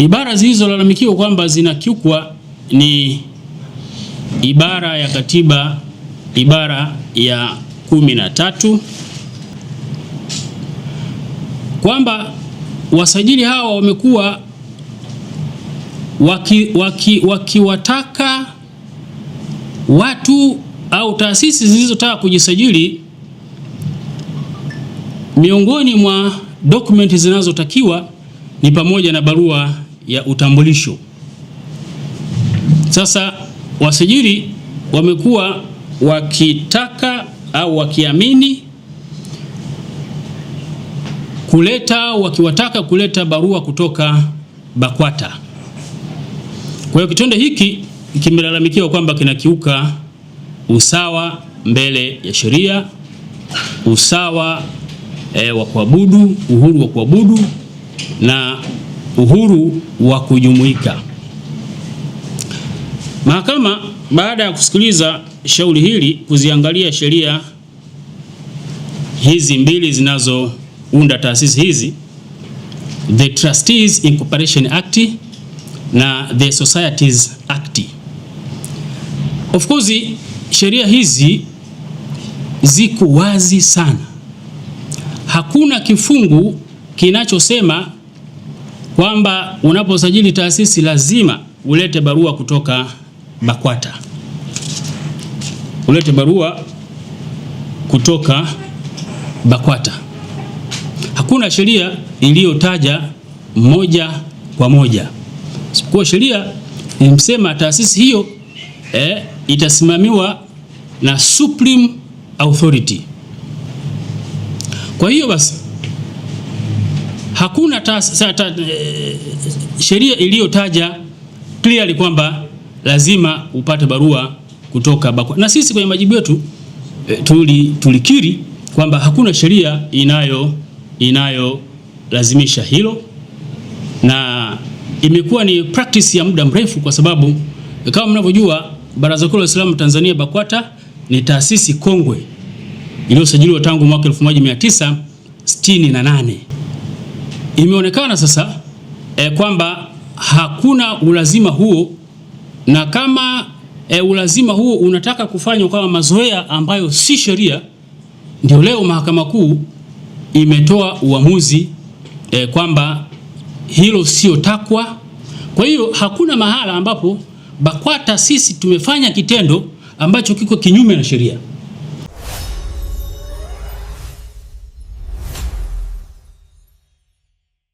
Ibara zilizolalamikiwa kwamba zinakiukwa ni ibara ya katiba ibara ya kumi na tatu kwamba wasajili hawa wamekuwa wakiwataka waki, waki watu au taasisi zilizotaka kujisajili, miongoni mwa dokumenti zinazotakiwa ni pamoja na barua ya utambulisho. Sasa wasajili wamekuwa wakitaka au wakiamini kuleta wakiwataka kuleta barua kutoka BAKWATA. Kwa hiyo kitendo hiki kimelalamikiwa kwamba kinakiuka usawa mbele ya sheria, usawa e, wa kuabudu, uhuru wa kuabudu na uhuru wa kujumuika. Mahakama baada ya kusikiliza shauri hili, kuziangalia sheria hizi mbili zinazounda taasisi hizi, the Trustees Incorporation Act na the Societies Act. Of course, sheria hizi ziko wazi sana, hakuna kifungu kinachosema kwamba unaposajili taasisi lazima ulete barua kutoka BAKWATA, ulete barua kutoka BAKWATA. Hakuna sheria iliyotaja moja kwa moja, sikuwa sheria imsema taasisi hiyo eh, itasimamiwa na supreme authority. Kwa hiyo basi Hakuna ta, ta, eh, sheria iliyotaja clearly kwamba lazima upate barua kutoka Bakwa, na sisi kwenye majibu yetu eh, tuli, tulikiri kwamba hakuna sheria inayo inayolazimisha hilo, na imekuwa ni practice ya muda mrefu, kwa sababu eh, kama mnavyojua Baraza Kuu la Waislamu Tanzania BAKWATA ni taasisi kongwe iliyosajiliwa tangu mwaka 1968 imeonekana sasa e, kwamba hakuna ulazima huo, na kama e, ulazima huo unataka kufanywa kama mazoea ambayo si sheria, ndio leo Mahakama Kuu imetoa uamuzi e, kwamba hilo sio takwa. Kwa hiyo hakuna mahala ambapo BAKWATA sisi tumefanya kitendo ambacho kiko kinyume na sheria.